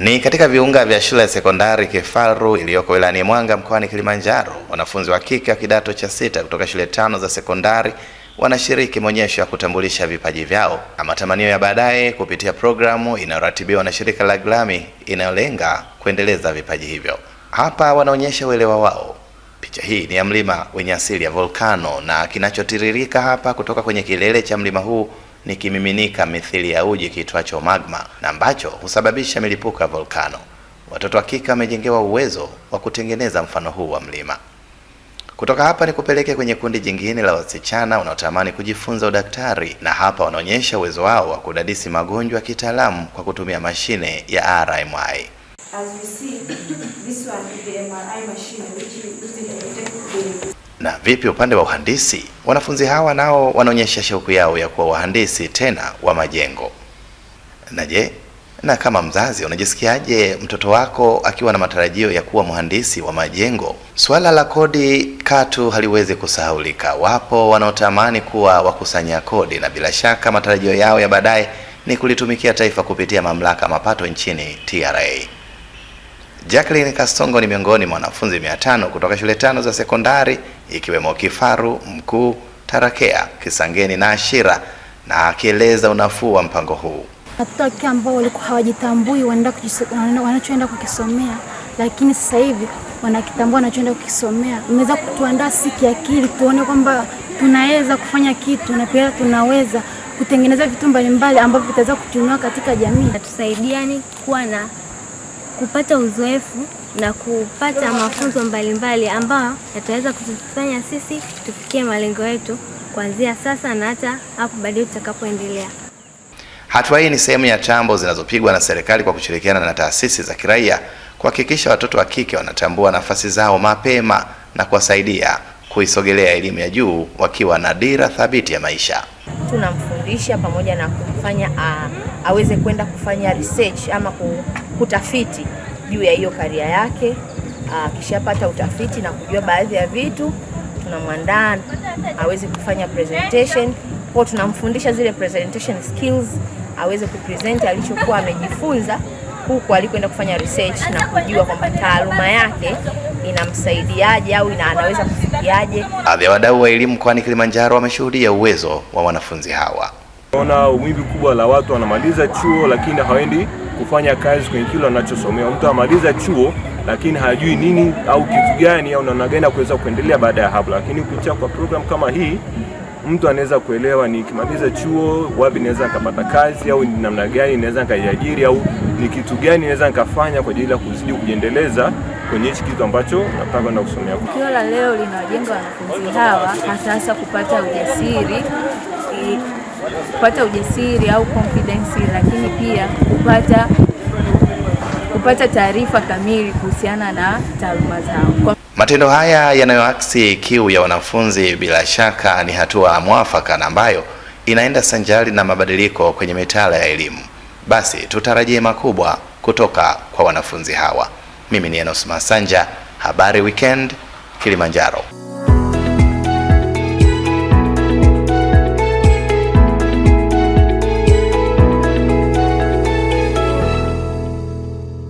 Ni katika viunga vya shule ya sekondari Kifaru iliyoko wilayani Mwanga mkoani Kilimanjaro, wanafunzi wa kike wa kidato cha sita kutoka shule tano za sekondari wanashiriki maonyesho ya kutambulisha vipaji vyao na matamanio ya baadaye kupitia programu inayoratibiwa na shirika la Glami inayolenga kuendeleza vipaji hivyo. Hapa wanaonyesha uelewa wao. Picha hii ni ya mlima wenye asili ya volkano na kinachotiririka hapa kutoka kwenye kilele cha mlima huu ni kimiminika mithili ya uji kiitwacho magma na ambacho husababisha milipuko ya volkano. Watoto wa kike wamejengewa uwezo wa kutengeneza mfano huu wa mlima. Kutoka hapa ni kupeleke kwenye kundi jingine la wasichana wanaotamani kujifunza udaktari, na hapa wanaonyesha uwezo wao wa kudadisi magonjwa kitaalamu kwa kutumia mashine ya RMI. As we see, this one is the MRI machine, which is na vipi upande wa uhandisi? Wanafunzi hawa nao wanaonyesha shauku yao ya kuwa wahandisi tena wa majengo. Na je, na kama mzazi unajisikiaje mtoto wako akiwa na matarajio ya kuwa mhandisi wa majengo? Suala la kodi katu haliwezi kusahaulika. Wapo wanaotamani kuwa wakusanya kodi, na bila shaka matarajio yao ya baadaye ni kulitumikia taifa kupitia mamlaka mapato nchini TRA. Jacqueline Kastongo ni miongoni mwa wanafunzi 500 kutoka shule tano za sekondari ikiwemo Kifaru, Mkuu, Tarakea, Kisangeni na Ashira na akieleza unafuu wa mpango huu. Watoto wa ambao walikuwa hawajitambui wanachoenda kukisomea, lakini sasa hivi wanakitambua wanachoenda kukisomea. Umeweza kutuandaa si kiakili, tuone kwamba tunaweza kufanya kitu na pia tunaweza kutengeneza vitu mbalimbali ambavyo vitaweza kutumiwa katika jamii. Natusaidiani kuwa na kupata uzoefu na kupata mafunzo mbalimbali ambayo yataweza kutufanya sisi tufikie malengo yetu kuanzia sasa na hata hapo baadaye tutakapoendelea. Hatua hii ni sehemu ya chambo zinazopigwa na serikali kwa kushirikiana na taasisi za kiraia kuhakikisha watoto wa kike wanatambua nafasi zao mapema na kuwasaidia kuisogelea elimu ya juu wakiwa na dira thabiti ya maisha. Tunamfundisha pamoja na kumfanya aweze kwenda kufanya research ama kutafiti juu ya hiyo karia yake. Ah, akishapata utafiti na kujua baadhi ya vitu, tunamwandaa aweze kufanya presentation kwa tunamfundisha zile presentation skills, aweze kupresent alichokuwa amejifunza huku alikwenda kufanya research na kujua kwamba taaluma yake inamsaidiaje au ina anaweza kufikiaje. Baadhi ya wadau wa elimu mkoani Kilimanjaro wameshuhudia uwezo wa wanafunzi hawa. Naona wimbi kubwa la watu wanamaliza chuo lakini hawaendi kufanya kazi kwenye kile anachosomea. Mtu amaliza chuo lakini hajui nini au kitu gani au namna gani kuweza kuendelea baada ya hapo, lakini kupitia kwa program kama hii mtu anaweza kuelewa nikimaliza chuo wapi naweza nikapata kazi au namna gani naweza nikajiajiri au ni kitu gani naweza nikafanya kwa ajili ya kuzidi kujiendeleza kwenye hichi kitu ambacho nataka kwenda kusomea. Tukio la leo linawajenga wanafunzi hawa hasa hasa kupata ujasiri kupata ujasiri au confidence, lakini pia kupata kupata taarifa kamili kuhusiana na taaluma zao. Matendo haya yanayoaksi kiu ya wanafunzi bila shaka ni hatua mwafaka na ambayo inaenda sanjari na mabadiliko kwenye mitaala ya elimu. Basi tutarajie makubwa kutoka kwa wanafunzi hawa. Mimi ni Enos Masanja, Habari Weekend, Kilimanjaro.